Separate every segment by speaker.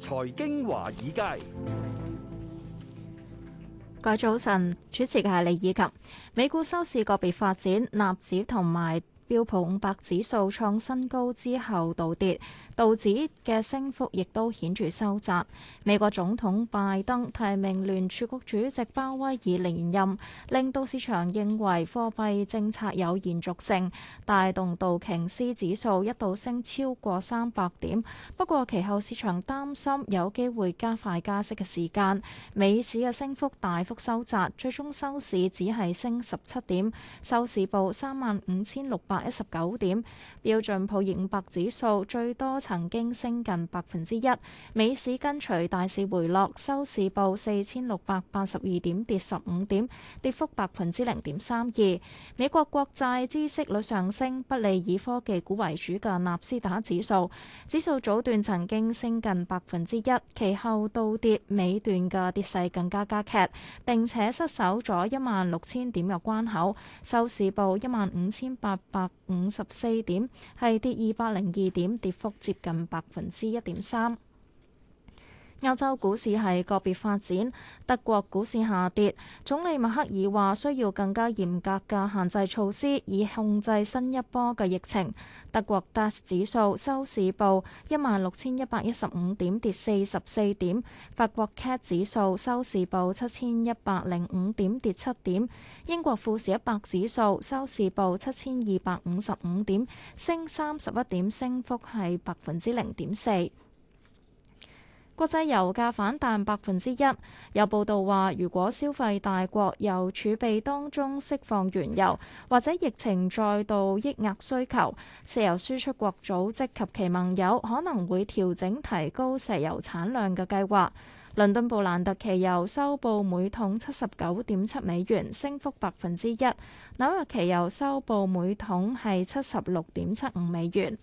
Speaker 1: 財經華爾街，
Speaker 2: 各位早晨，主持嘅係李以及美股收市個別發展，納指同埋。標普五百指數創新高之後倒跌，道指嘅升幅亦都顯著收窄。美國總統拜登提名聯儲局主席鮑威爾連任，令到市場認為貨幣政策有延續性，帶動道瓊斯指數一度升超過三百點。不過其後市場擔心有機會加快加息嘅時間，美市嘅升幅大幅收窄，最終收市只係升十七點，收市報三萬五千六百。一十九點，標準普爾五百指數最多曾經升近百分之一。美市跟隨大市回落，收市報四千六百八十二點，跌十五點，跌幅百分之零點三二。美國國債孳息率上升，不利以科技股為主嘅納斯達克指數，指數早段曾經升近百分之一，其後倒跌，尾段嘅跌勢更加加劇，並且失守咗一萬六千點嘅關口，收市報一萬五千八百。五十四點，係跌二百零二點，跌幅接近百分之一點三。歐洲股市係個別發展，德國股市下跌。總理默克爾話需要更加嚴格嘅限制措施以控制新一波嘅疫情。德國 DAX 指數收市報一萬六千一百一十五點，跌四十四點。法國 CAC 指數收市報七千一百零五點，跌七點。英國富時一百指數收市報七千二百五十五點，升三十一點，升幅係百分之零點四。國際油價反彈百分之一，有報道話，如果消費大國由儲備當中釋放原油，或者疫情再度抑壓需求，石油輸出國組織及其盟友可能會調整提高石油產量嘅計劃。倫敦布蘭特期油收報每桶七十九點七美元，升幅百分之一；紐約期油收報每桶係七十六點七五美元。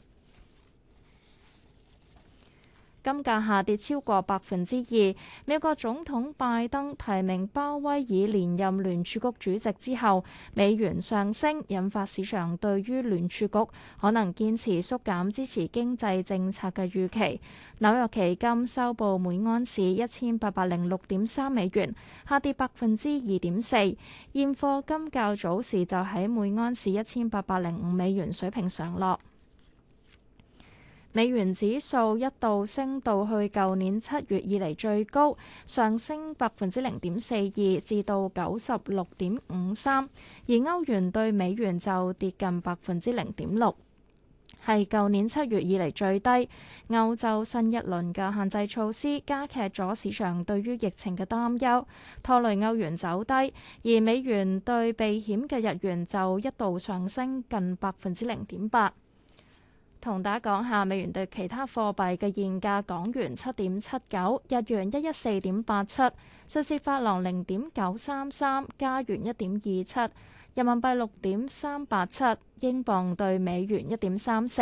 Speaker 2: 金價下跌超過百分之二。美國總統拜登提名鮑威爾連任聯儲局主席之後，美元上升，引發市場對於聯儲局可能堅持縮減支持經濟政策嘅預期。紐約期金收報每安士一千八百零六點三美元，下跌百分之二點四。現貨金較早時就喺每安士一千八百零五美元水平上落。美元指數一度升到去舊年七月以嚟，最高，上升百分之零點四二，至到九十六點五三。而歐元兌美元就跌近百分之零點六，係舊年七月以嚟最低。歐洲新一輪嘅限制措施加劇咗市場對於疫情嘅擔憂，拖累歐元走低。而美元兌避險嘅日元就一度上升近百分之零點八。同大家講下美元對其他貨幣嘅現價：港元七點七九，日元一一四點八七，瑞士法郎零點九三三，加元一點二七，人民幣六點三八七，英鎊對美元一點三四，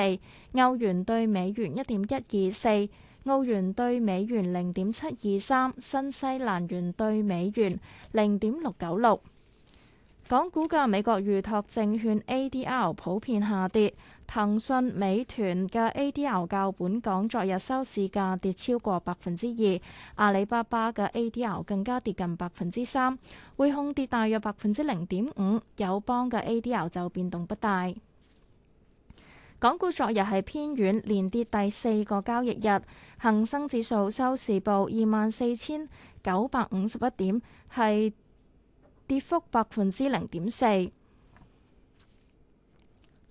Speaker 2: 歐元對美元一點一二四，澳元對美元零點七二三，新西蘭元對美元零點六九六。港股嘅美國預託證券 ADR 普遍下跌。騰訊、美團嘅 ADR 較本港昨日收市價跌超過百分之二，阿里巴巴嘅 ADR 更加跌近百分之三，匯控跌大約百分之零點五，友邦嘅 ADR 就變動不大。港股昨日係偏軟，連跌第四個交易日，恒生指數收市報二萬四千九百五十一點，係跌幅百分之零點四。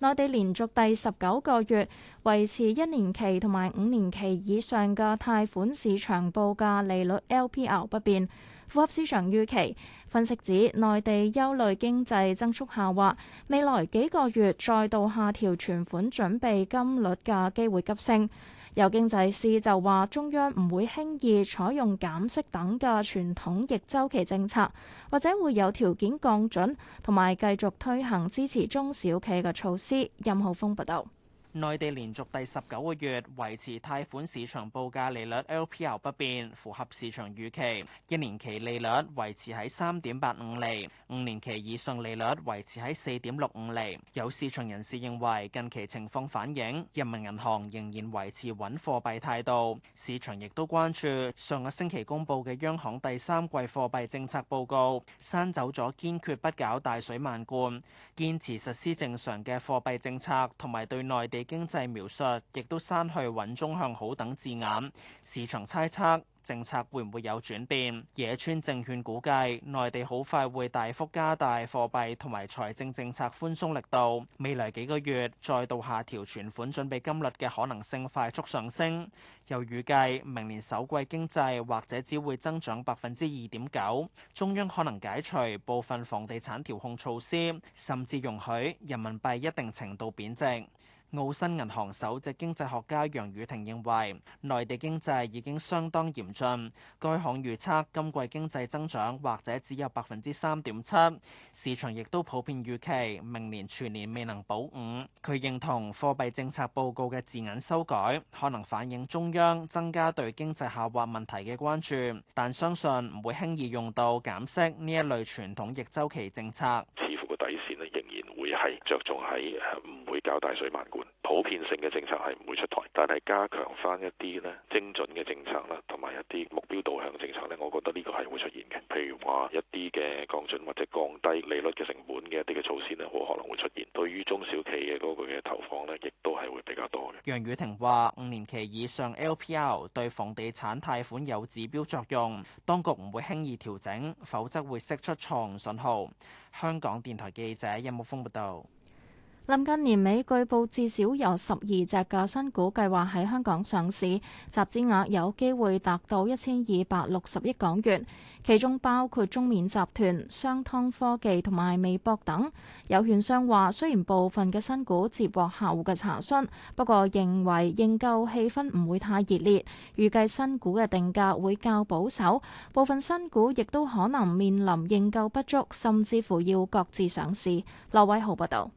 Speaker 2: 內地連續第十九個月維持一年期同埋五年期以上嘅貸款市場報價利率 LPR 不變，符合市場預期。分析指內地憂慮經濟增速下滑，未來幾個月再度下調存款準備金率嘅機會急升。有經濟師就話，中央唔會輕易採用減息等嘅傳統逆周期政策，或者會有條件降準，同埋繼續推行支持中小企嘅措施。任浩峰報道。
Speaker 1: 內地連續第十九個月維持貸款市場報價利率 LPR 不變，符合市場預期。一年期利率維持喺三點八五厘，五年期以上利率維持喺四點六五厘。有市場人士認為，近期情況反映人民銀行仍然維持穩貨幣態度。市場亦都關注上個星期公佈嘅央行第三季貨幣政策報告，刪走咗堅決不搞大水漫灌，堅持實施正常嘅貨幣政策，同埋對內地經濟描述亦都刪去穩中向好等字眼，市場猜測政策會唔會有轉變。野村證券估計，內地好快會大幅加大貨幣同埋財政政策寬鬆力度，未來幾個月再度下調存款準備金率嘅可能性快速上升。又預計明年首季經濟或者只會增長百分之二點九，中央可能解除部分房地產調控措施，甚至容許人民幣一定程度貶值。澳新銀行首席經濟學家楊宇霆認為內地經濟已經相當嚴峻。該行預測今季經濟增長或者只有百分之三點七。市場亦都普遍預期明年全年未能保五。佢認同貨幣政策報告嘅字眼修改，可能反映中央增加對經濟下滑問題嘅關注，但相信唔會輕易用到減息呢一類傳統逆周期政策。似乎個底線仍然會係着重喺唔會較大水漫灌普遍性嘅
Speaker 3: 政策係唔會出台，但係加強翻一啲咧，精準嘅政策啦，同埋一啲目標導向嘅政策咧，我覺得呢個係會出現嘅。譬如話一啲嘅降準或者降低利率嘅成本嘅一啲嘅措施咧，好可能會出現。對於中小企嗰個嘅投放咧，亦都係會比
Speaker 1: 較多嘅。楊雨婷話五年期以上 LPR 對房地產貸款有指標作用，當局唔會輕易調整，否則會釋出錯誤信號。香港電台記者任木峯報道。
Speaker 2: 臨近年尾，據報至少有十二隻嘅新股計劃喺香港上市，集資額有機會達到一千二百六十億港元，其中包括中免集團、商湯科技同埋微博等。有券商話，雖然部分嘅新股接獲客戶嘅查詢，不過認為認購氣氛唔會太熱烈，預計新股嘅定價會較保守。部分新股亦都可能面臨認購不足，甚至乎要擱置上市。羅偉豪報道。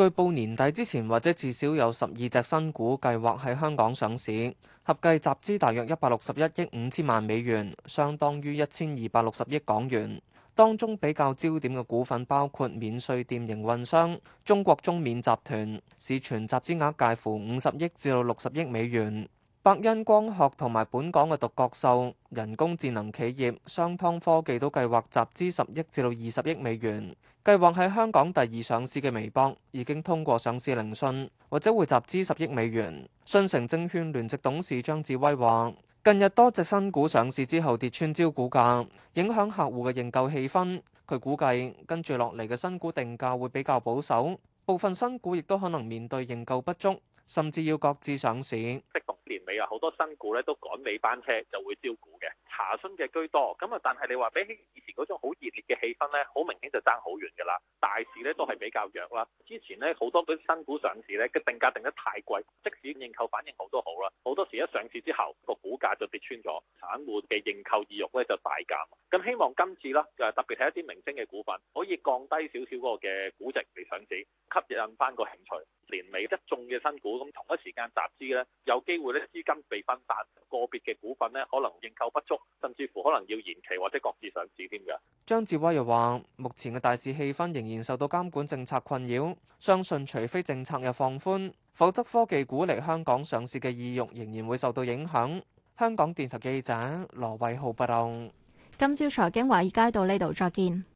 Speaker 3: 據報年底之前或者至少有十二隻新股計劃喺香港上市，合計集資大約一百六十一億五千萬美元，相當於一千二百六十億港元。當中比較焦點嘅股份包括免稅店營運商，中國中免集團，市全集資額介乎五十億至到六十億美元。百伯恩光學同埋本港嘅獨角獸人工智能企業商湯科技，都計劃集資十億至到二十億美元。計劃喺香港第二上市嘅微博已經通過上市聆訊，或者會集資十億美元。信誠證券聯席董事張志威話，近日多隻新股上市之後跌穿招股價，影響客戶嘅認購氣氛。佢估計跟住落嚟嘅新股定價會比較保守，部分新股亦都可能面對認購不足。甚至要各自上市，即係年尾啊，好多新股咧都趕尾班車就會招股嘅，查詢嘅居多。咁啊，但係你話比起以前嗰種好熱烈嘅氣氛咧，好明顯就爭好遠噶啦。大市咧都係比較弱啦。之前咧好多啲新股上市咧，嘅定價定得太貴，即使認購反應好都好啦。好多時一上市之後，個股價就跌穿咗，散戶嘅認購意欲咧就大減。咁希望今次啦，特別係一啲明星嘅股份，可以降低少少嗰個嘅估值嚟上市，吸引翻個興趣。年尾一眾嘅新股，咁同一時間集資呢，有機會呢資金被分散，個別嘅股份呢，可能認購不足，甚至乎可能要延期或者擱置上市添㗎。張志威又話：目前嘅大市氣氛仍然受到監管政策困擾，相信除非政策有放寬，否則科技股嚟香港上市嘅意欲仍然會受到影響。香港電台記者羅偉浩報道。
Speaker 2: 今朝財經華爾街到呢度再見。